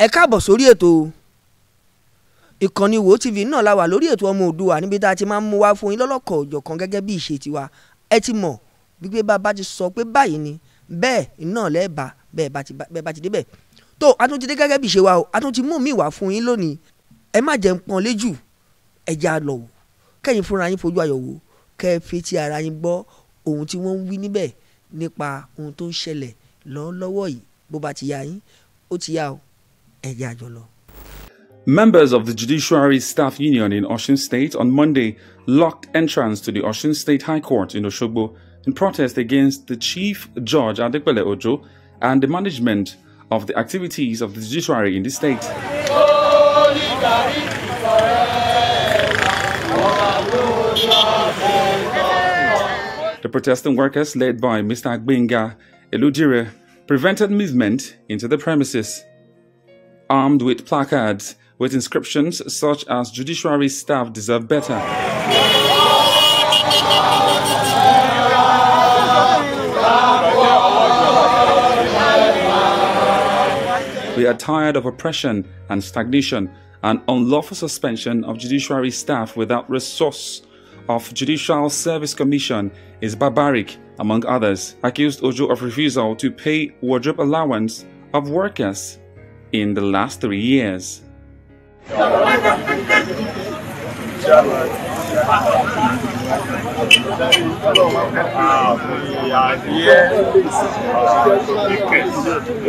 ẹ káàbọ̀ sórí ètò ìkànnì wo tv náà la wà lórí ètò ọmọ òdùwà níbi tá a ti máa ń mú wá fún yín lọ́lọ́kọ̀ òjọ̀kan gẹ́gẹ́ bí ìṣe tiwa ẹ ti mọ̀ wípé bàbá ti sọ pé báyìí ni bẹ́ẹ̀ iná lẹ́ẹ̀bà bẹ́ẹ̀ bá ti débẹ̀ tó a tún ti dé gẹ́gẹ́ bí ìṣe wa o a tún ti mú mi wá fún yín lónìí ẹ má jẹ́ ń pọn léjù ẹja lọ wò kẹ́yìn fúnra yín fojú ayọ̀ wò kẹ́ ẹ fi ti ara yín gbọ́ ohun tí wọ́n ń wí níbẹ̀ nípa ohun tó ń ṣẹlẹ̀ lọ́wọ́lọ́wọ́ yìí bó ba ti ya yín ó ti ya o Members of the Judiciary Staff Union in Osun State on Monday locked entrance to the Osun State High Court in Oshobo in protest against the Chief Judge Adekwele Ojo and the management of the activities of the judiciary in the state. The protesting workers, led by Mr. Agbenga Eludire, prevented movement into the premises armed with placards with inscriptions such as Judiciary staff deserve better. We are tired of oppression and stagnation and unlawful suspension of judiciary staff without resource of Judicial Service Commission is barbaric, among others, accused Ojo of refusal to pay wardrobe allowance of workers in the last three years. the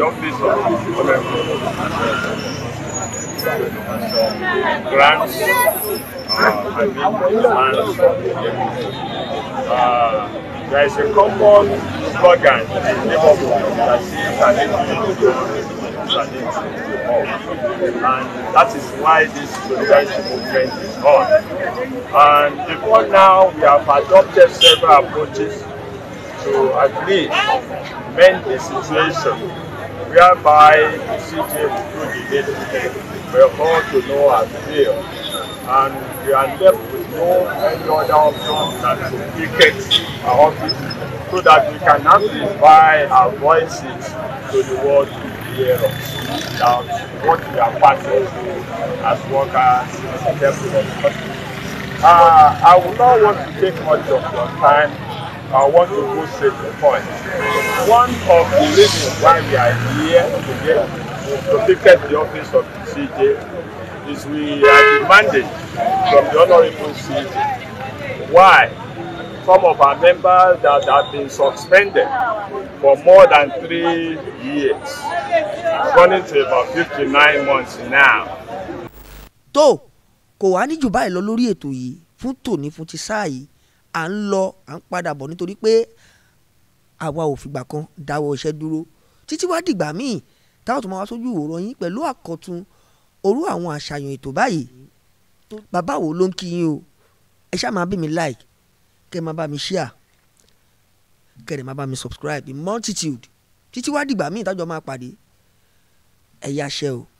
office of grants uh, I mean, and uh, there is a common slogan in the neighborhood that says and into And that is why this solidarity movement is on. And before now, we have adopted several approaches to at least mend the situation whereby the city will do the day were to know as fail. And we are left with no any other option than to picket our office so that we can amplify our voices to the world year now what we are passing as workers in terms of Uh, I would not want to take much of your time. I want to go straight to the point. One of the reasons why we are here today to picket the office of the CJ is we are demanding from the Honorable CJ why some of our members that have been suspended for more than three years, running to about 59 months now. tó kò wá ní jù báyìí lọ lórí ètò yìí fún tòní fún ti sáà yìí à ń lọ à ń padà bọ̀ nítorí pé àwa ò fìgbà kan dáwọ́ iṣẹ́ dúró títí wá dìgbà míì táwọn tó máa wá sójú ìwòran yín pẹ̀lú àkọ́tun orú àwọn àṣàyàn ètò báyìí bàbá wo ló ń kí yín o ẹ ṣáà máa bí mi like kẹ́ ẹ máa bá mi share kẹ́ ẹ máa bá mi subscribe multitude títí wá dìgbà míì tájọ máa pàdé ẹ̀yà ṣẹ́ o.